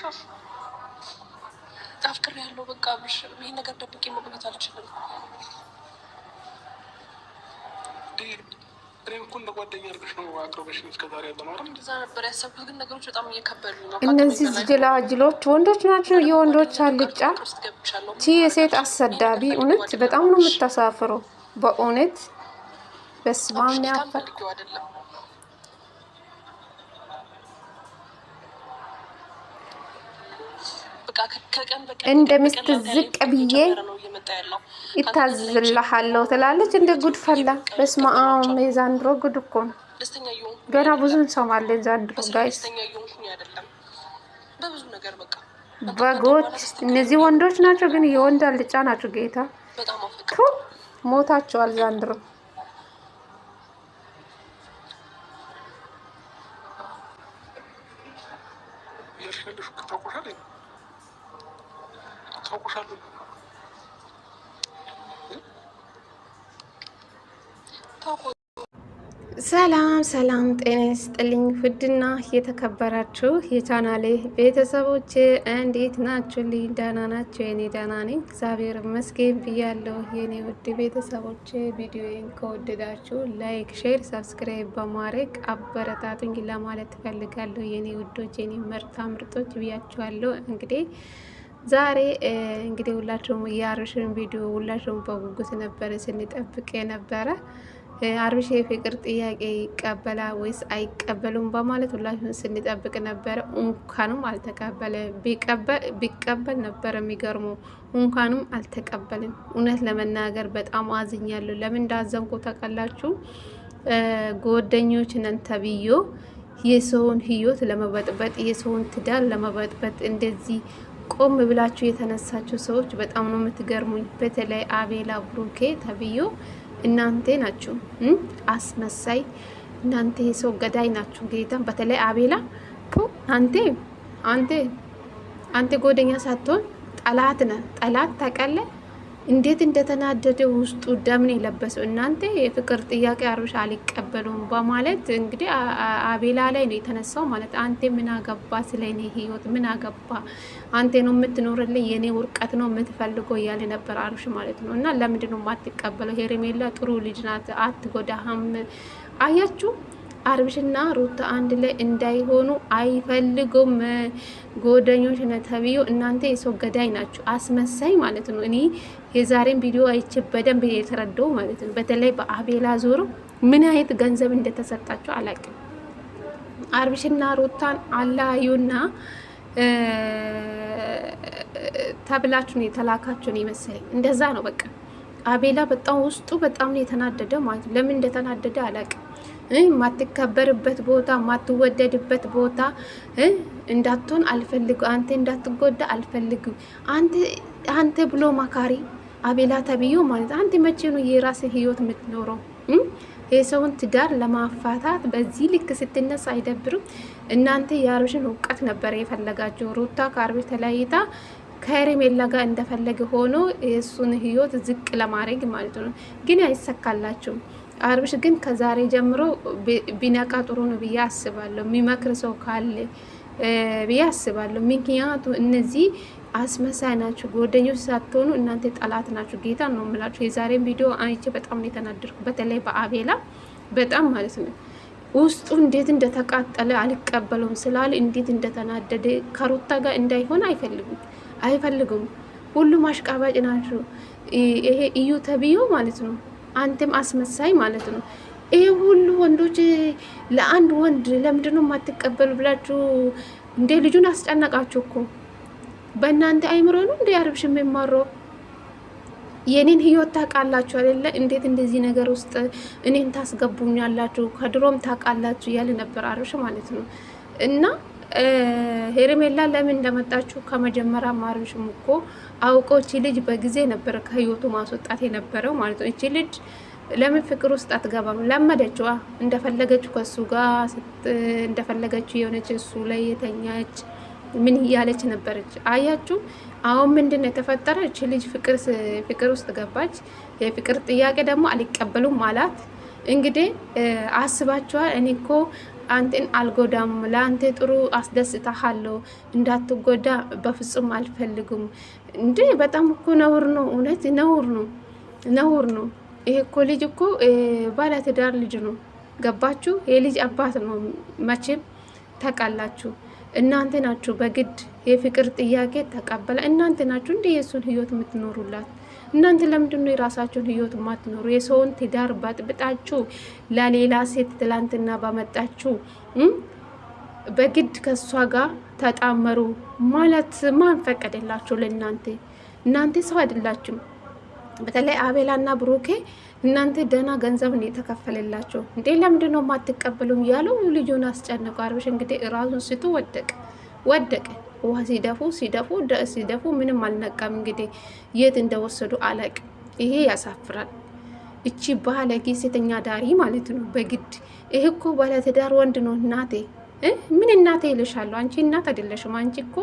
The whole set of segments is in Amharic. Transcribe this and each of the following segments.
ሻፍ ጣፍቅር ያለው በቃ ብሽ ይህ ነገር ደብቄ መቆየት አልችልም። እነዚህ ጅላጅሎች ወንዶች ናቸው። የወንዶች አልጫ ቺ የሴት አሰዳቢ እውነት በጣም ነው የምታሳፍረው። በእውነት በስማም ያፈል እንደ ሚስት ዝቅ ብዬ ይታዝዝልሃለሁ ትላለች። እንደ ጉድ ፈላ። በስመ አብ! የዛንድሮ ጉድ እኮ ነው። ገና ብዙ እንሰማለን ዛንድሮ። ጋይስ በጎች እነዚህ ወንዶች ናቸው፣ ግን የወንድ አልጫ ናቸው። ጌታ ሞታቸዋል ዛንድሮ አስታውቁሻለሁ። ሰላም ሰላም፣ ጤና ይስጥልኝ። ውድና የተከበራችሁ የቻናሌ ቤተሰቦች እንዴት ናችሁ ናችሁልኝ? ደህና ናቸው የኔ ደህና ነኝ እግዚአብሔር ይመስገን ብያለሁ። የኔ ውድ ቤተሰቦች ቪዲዮን ከወደዳችሁ ላይክ፣ ሼር፣ ሰብስክራይብ በማድረግ አበረታቱኝ ለማለት እፈልጋለሁ። የኔ ውዶች፣ የኔ ምርጣ ምርጦች ብያችኋለሁ እንግዲህ ዛሬ እንግዲህ ሁላችሁም የአብርሽን ቪዲዮ ሁላችሁም በጉጉት ነበረ ስንጠብቅ የነበረ አብርሽ የፍቅር ጥያቄ ይቀበላ ወይስ አይቀበሉም በማለት ሁላችሁም ስንጠብቅ ነበረ። እንኳንም አልተቀበለ። ቢቀበል ነበረ የሚገርመው። እንኳንም አልተቀበልም። እውነት ለመናገር በጣም አዝኛለሁ። ለምን እንዳዘንኩ ታውቃላችሁ? ጓደኞች ነን ተብዮ የሰውን ህይወት ለመበጥበጥ የሰውን ትዳር ለመበጥበጥ እንደዚህ ቆም ብላችሁ የተነሳችሁ ሰዎች በጣም ነው የምትገርሙኝ። በተለይ አቤላ ብሩኬ ተብዮ እናንተ ናችሁ አስመሳይ፣ እናንተ የሰው ገዳይ ናችሁ። ጌታ በተለይ አቤላ አንተ አንተ አንተ ጎደኛ ሳትሆን ጠላት ነ ጠላት ታውቃለህ እንዴት እንደተናደደ ውስጡ ደምን የለበሰው እናንተ የፍቅር ጥያቄ አብርሽ አልቀበሉም በማለት እንግዲህ አቤላ ላይ ነው የተነሳው። ማለት አንተ ምን አገባ ስለ እኔ ህይወት ምን አገባ አንተ ነው የምትኖርልኝ የኔ ውርቀት ነው የምትፈልገው እያለ ነበር አብርሽ ማለት ነው። እና ለምንድነው የማትቀበለው? ሄርሜላ ጥሩ ልጅ ናት፣ አትጎዳህም። አያችሁ አብርሽና ሩታ አንድ ላይ እንዳይሆኑ አይፈልጉም። ጎደኞች ነው ተብዩ እናንተ የሰው ገዳይ ናችሁ፣ አስመሳይ ማለት ነው። እኔ የዛሬን ቪዲዮ አይቼ በደንብ የተረዳው ማለት ነው። በተለይ በአቤላ ዞሮ ምን አይነት ገንዘብ እንደተሰጣችሁ አላቅም። አብርሽና ሩታን አላዩና ተብላችሁ ነው የተላካችሁ ነው ይመስለኝ። እንደዛ ነው በቃ። አቤላ በጣም ውስጡ በጣም ነው የተናደደ ማለት ነው። ለምን እንደተናደደ አላቅም። ማትከበርበት ቦታ ማትወደድበት ቦታ እንዳትሆን አልፈልግ አንተ እንዳትጎዳ አልፈልግም። አንተ ብሎ ማካሪ አቤላ ተብዮ ማለት አንተ መቼ ነው የራስ ህይወት የምትኖረው? የሰውን ትዳር ለማፋታት በዚህ ልክ ስትነሳ አይደብርም? እናንተ የአብርሽን እውቀት ነበር የፈለጋቸው። ሩታ ከአብርሽ ተለያይታ ከሄርሜላ ጋር እንደፈለገ ሆኖ የእሱን ህይወት ዝቅ ለማድረግ ማለት ነው። ግን አይሰካላችሁም። አብርሽ ግን ከዛሬ ጀምሮ ቢነቃ ጥሩ ነው ብዬ አስባለሁ። የሚመክር ሰው ካለ ብዬ አስባለሁ። ምክንያቱ እነዚህ አስመሳይ ናችሁ። ጓደኞች ሳትሆኑ እናንተ ጠላት ናችሁ። ጌታ ነው የምላችሁ። የዛሬን ቪዲዮ አይቼ በጣም ነው በተለይ በአቤላ በጣም ማለት ነው ውስጡ እንዴት እንደተቃጠለ አልቀበለውም ስላለ እንዴት እንደተናደደ ከሩታ ጋር እንዳይሆን አይፈልጉም አይፈልጉም። ሁሉም አሽቃባጭ ናቸው። ይሄ እዩ ተብዮ ማለት ነው አንተም አስመሳይ ማለት ነው። ይህ ሁሉ ወንዶች ለአንድ ወንድ ለምንድነው የማትቀበሉ ብላችሁ እንዴ ልጁን አስጨነቃችሁ እኮ በእናንተ አይምሮ ነው እንደ አርብሽ የሚማረው የኔን ህይወት ታውቃላችሁ አይደለ? እንዴት እንደዚህ ነገር ውስጥ እኔን ታስገቡኛላችሁ? ከድሮም ታውቃላችሁ እያለ ነበር አርብሽ ማለት ነው። እና ሄርሜላ ለምን እንደመጣችሁ ከመጀመሪያ አርብሽም እኮ አውቆ እቺ ልጅ በጊዜ ነበር ከህይወቱ ማስወጣት የነበረው ማለት ነው። እቺ ልጅ ለምን ፍቅር ውስጥ አትገባም? ለመደችዋ። እንደፈለገችው ከሱ ጋር እንደፈለገችው የሆነች እሱ ላይ የተኛች ምን እያለች ነበረች? አያችሁ። አሁን ምንድን ነው የተፈጠረ? እቺ ልጅ ፍቅር ውስጥ ገባች። የፍቅር ጥያቄ ደግሞ አልቀበሉም አላት። እንግዲህ አስባችኋል። እኔ እኮ አንተን አልጎዳም፣ ለአንተ ጥሩ አስደስታሃለሁ፣ እንዳትጎዳ በፍጹም አልፈልግም። እንዴ በጣም እኮ ነውር ነው፣ እውነት ነውር ነው፣ ነውር ነው። ይሄ እኮ ልጅ እኮ ባለትዳር ልጅ ነው። ገባችሁ? የልጅ አባት ነው። መቼም ታውቃላችሁ። እናንተ ናችሁ በግድ የፍቅር ጥያቄ ተቀበለ። እናንተ ናችሁ እንደ የእሱን ህይወት የምትኖሩላት። እናንተ ለምንድን ነው የራሳችሁን ህይወት የማትኖሩ? የሰውን ትዳር ባጥብጣችሁ ለሌላ ሴት ትላንትና ባመጣችሁ በግድ ከእሷ ጋር ተጣመሩ ማለት ማን ፈቀደላችሁ? ለእናንተ እናንተ ሰው አይደላችሁም። በተለይ አቤላና ብሩኬ እናንተ ደህና ገንዘብ ነው የተከፈለላቸው እንዴ? ለምንድን ነው የማትቀበሉም? ያለው ልጁን አስጨነቀው። አብርሽ እንግዲህ ራሱን ስቶ ወደቀ ወደቀ። ውሃ ሲደፉ ሲደፉ ሲደፉ ምንም አልነቃም። እንግዲህ የት እንደወሰዱ አለቅ። ይሄ ያሳፍራል። እቺ ባለጌ ሴተኛ ዳሪ ማለት ነው በግድ ይህ እኮ ባለትዳር ወንድ ነው። እናቴ ምን እናቴ ይልሻለሁ? አንቺ እናት አይደለሽም። አንቺ እኮ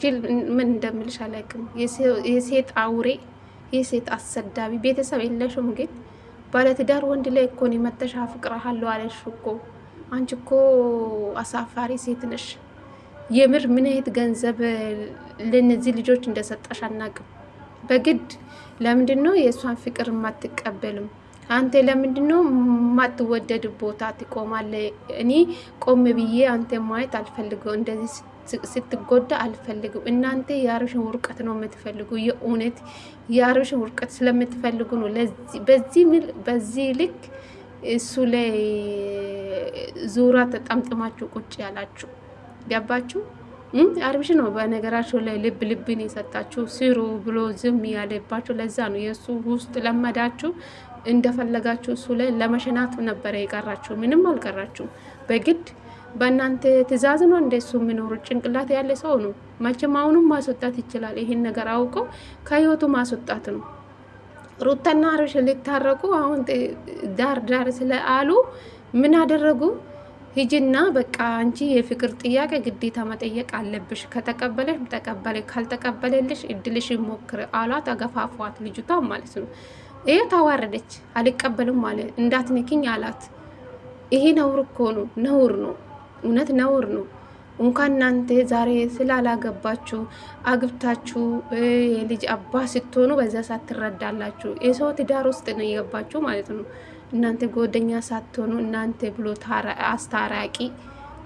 ጅል ምን እንደምልሽ አላቅም። የሴት አውሬ የሴት አሰዳቢ ቤተሰብ የለሽም ግን ባለትዳር ወንድ ላይ እኮ ነው መተሽ አፍቅርሃለሁ አለሽ እኮ። አንቺ እኮ አሳፋሪ ሴት ነሽ። የምር ምን አይነት ገንዘብ ለነዚህ ልጆች እንደሰጠሽ አናቅም። በግድ ለምንድን ነው የእሷን ፍቅር የማትቀበልም? አንተ ለምንድን ነው የማትወደድ ቦታ ትቆማለ እኔ ቆም ብዬ አንተ ማየት አልፈልገው እንደዚህ ስትጎዳ አልፈልግም። እናንተ የአብርሽን ውርቀት ነው የምትፈልጉ። የእውነት የአብርሽን ውርቀት ስለምትፈልጉ ነው በዚህ ልክ እሱ ላይ ዙራ ተጠምጥማችሁ ቁጭ ያላችሁ። ገባችሁ? አብርሽ ነው በነገራቸው ላይ ልብ ልብን የሰጣችሁ ስሩ ብሎ ዝም ያለባችሁ። ለዛ ነው የእሱ ውስጥ ለመዳችሁ እንደፈለጋችሁ እሱ ላይ ለመሸናት ነበረ የቀራችሁ። ምንም አልቀራችሁም በግድ በእናንተ ትእዛዝ ነው እንደሱ የሚኖሩ ጭንቅላት ያለ ሰው ነው። መቼም አሁኑም ማስወጣት ይችላል። ይህን ነገር አውቆ ከህይወቱ ማስወጣት ነው። ሩታና አብርሽ ሊታረቁ አሁን ዳር ዳር ስለ አሉ ምን አደረጉ? ሂጅና በቃ አንቺ የፍቅር ጥያቄ ግዴታ መጠየቅ አለብሽ። ከተቀበለሽ ተቀበለ፣ ካልተቀበለልሽ እድልሽ ሞክር አሏት። አገፋፏት ልጅቷ ማለት ነው። ይሄ ታዋረደች፣ አልቀበልም ማለት እንዳትንኪኝ አላት። ይሄ ነውር እኮ ነው፣ ነውር ነው። እውነት ነውር ነው። እንኳን እናንተ ዛሬ ስላላገባችሁ አግብታችሁ የልጅ አባ ስትሆኑ በዛ ሳትረዳላችሁ የሰው ትዳር ውስጥ ነው የገባችሁ ማለት ነው። እናንተ ጎደኛ ሳትሆኑ እናንተ ብሎ አስታራቂ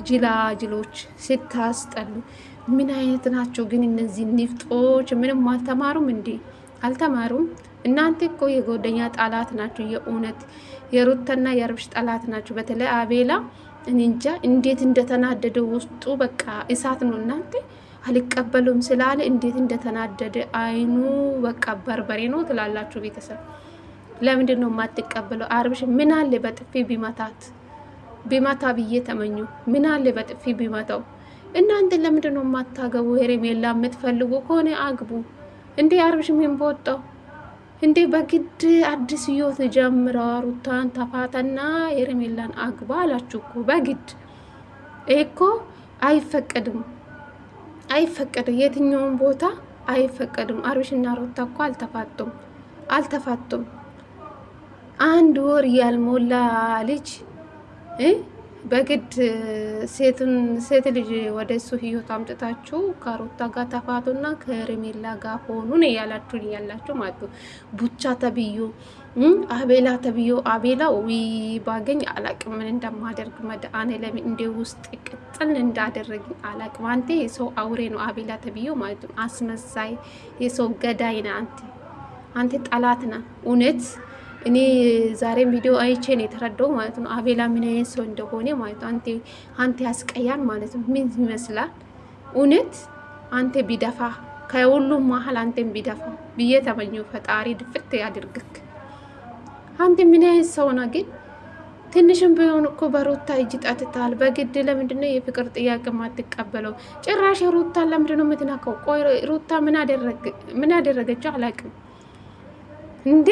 ጅላ ጅሎች ስታስጠሉ ምን አይነት ናቸው ግን እነዚህ ንፍጦች? ምንም አልተማሩም እንዴ? አልተማሩም? እናንተ እኮ የጎደኛ ጠላት ናችሁ። የእውነት የሩታና የርብሽ ጠላት ናችሁ። በተለይ አቤላ እኔ እንጃ እንዴት እንደተናደደ ውስጡ በቃ እሳት ነው እናንተ አልቀበሉም ስላለ እንዴት እንደተናደደ አይኑ በቃ በርበሬ ነው ትላላችሁ ቤተሰብ። ለምንድን ነው የማትቀበለው? አብርሽ ምን አለ በጥፊ ቢመታት ቢመታ ብዬ ተመኙ። ምን አለ በጥፊ ቢመታው። እናንተ ለምንድን ነው የማታገቡ? ሄሬሜላ የምትፈልጉ ከሆነ አግቡ እንዴ! አብርሽ ምን በወጣው እንዴ በግድ አዲስ ህይወት ጀምራ ሩታን ተፋታና የረሜላን አግባ አላችሁ እኮ በግድ እኮ አይፈቀድም፣ አይፈቀድም። የትኛውም ቦታ አይፈቀድም። አብርሽና ሩታ እኮ አልተፋቱም፣ አልተፋቱም። አንድ ወር ያልሞላ ልጅ በግድ ሴትን ሴት ልጅ ወደ እሱ ህይወት አምጥታችሁ ከሩታ ጋር ተፋቱና ከርሜላ ጋር ሆኑን እያላችሁን እያላችሁ ማለት ነው። ቡቻ ተብዩ አቤላ ተብዩ አቤላ ዊ ባገኝ አላቅም ምን እንደማደርግ መድአኔ ለምን እንደ ውስጥ ቅጥል እንዳደረግኝ አላቅም። አንተ የሰው አውሬ ነው አቤላ ተብዩ ማለት ነው። አስመሳይ የሰው ገዳይ ነ አንተ አንተ ጠላት ነ እውነት እኔ ዛሬም ቪዲዮ አይቼ ነው የተረዳው ማለት ነው። አቤላ ምን አይነት ሰው እንደሆነ ማለት ነው። አንቴ ያስቀያል ማለት ነው። ምን ይመስላል እውነት አንቴ ቢደፋ ከሁሉም መሀል አንቴም ቢደፋ ብዬ ተመኘ። ፈጣሪ ድፍት ያድርግክ። አንቴ ምን አይነት ሰው ነው ግን? ትንሽም ቢሆን እኮ በሩታ እጅ ጠትታል። በግድ ለምንድነው የፍቅር ጥያቄ ማትቀበለው? ጭራሽ ሩታን ለምንድነው የምትናከው? ቆይ ሩታ ምን አደረገችው? አላውቅም እንዴ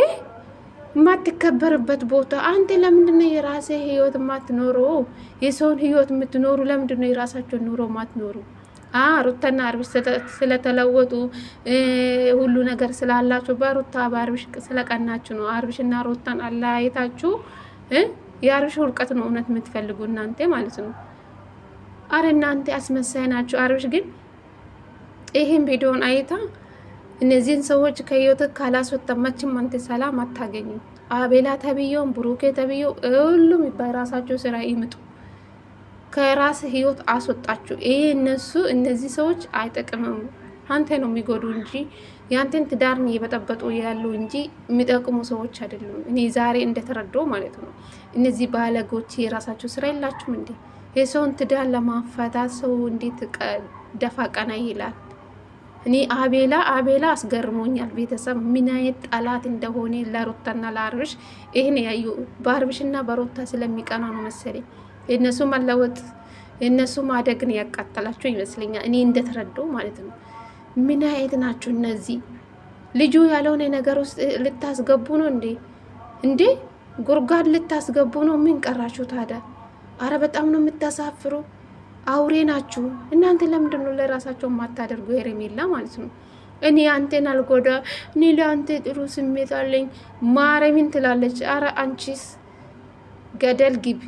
የማትከበርበት ቦታ አንተ ለምንድነው የራሴ ህይወት ማትኖሩ? የሰውን ህይወት የምትኖሩ ለምንድነው የራሳቸውን ኑሮ ማትኖሩ? ሩታና አብርሽ ስለተለወጡ ሁሉ ነገር ስላላችሁ በሩታ በአብርሽ ስለቀናችሁ ነው። አብርሽና ሩታን አለያይታችሁ የአብርሽ ውርቀት ነው እውነት የምትፈልጉ እናንተ ማለት ነው። አረ እናንተ አስመሳይ ናችሁ። አብርሽ ግን ይህን ቪዲዮን አይታ እነዚህን ሰዎች ከህይወትህ ካላስወጣማችን አንተ ሰላም አታገኙ። አቤላ ተብዬውን ብሩኬ ተብዬው ሁሉም በራሳቸው ስራ ይምጡ። ከራስ ህይወት አስወጣችሁ። ይሄ እነሱ እነዚህ ሰዎች አይጠቅምም። አንተ ነው የሚጎዱ እንጂ ያንተን ትዳር እየበጠበጡ ያሉ እንጂ የሚጠቅሙ ሰዎች አይደሉም። እኔ ዛሬ እንደተረዳው ማለት ነው። እነዚህ ባለጎች የራሳቸው ስራ የላችሁም እንዴ? የሰውን ትዳር ለማፈታት ሰው እንዴት ደፋ ቀና ይላል? እኔ አቤላ አቤላ አስገርሞኛል። ቤተሰብ ምን አይነት ጠላት እንደሆነ ለሩታና ለአብርሽ ይህን ያዩ በአብርሽና በሩታ ስለሚቀና ነው መሰለኝ የእነሱ መለወጥ የእነሱ ማደግን ያቃጠላቸው ይመስለኛል። እኔ እንደተረዳው ማለት ነው። ምን አይነት ናቸው እነዚህ? ልጁ ያልሆነ ነገር ውስጥ ልታስገቡ ነው እንዴ? እንዴ ጉርጓድ ልታስገቡ ነው? ምን ቀራችሁ ታዲያ? አረ በጣም ነው የምታሳፍሩ። አውሬ ናችሁ እናንተ። ለምንድን ነው ለራሳቸው የማታደርጉ? ሄርሜላ ማለት ነው እኔ አንቴን አልጎዳ፣ እኔ ለአንተ ጥሩ ስሜት አለኝ ማረሚን ትላለች። አረ አንቺስ ገደል ግቢ።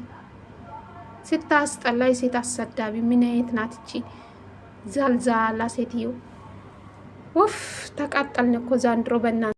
ስታስጠላይ ሴት አሰዳቢ ምን አይነት ናት እቺ ዛልዛላ ሴትዮ! ውፍ ተቃጠልን እኮ ዛንድሮ በእናንተ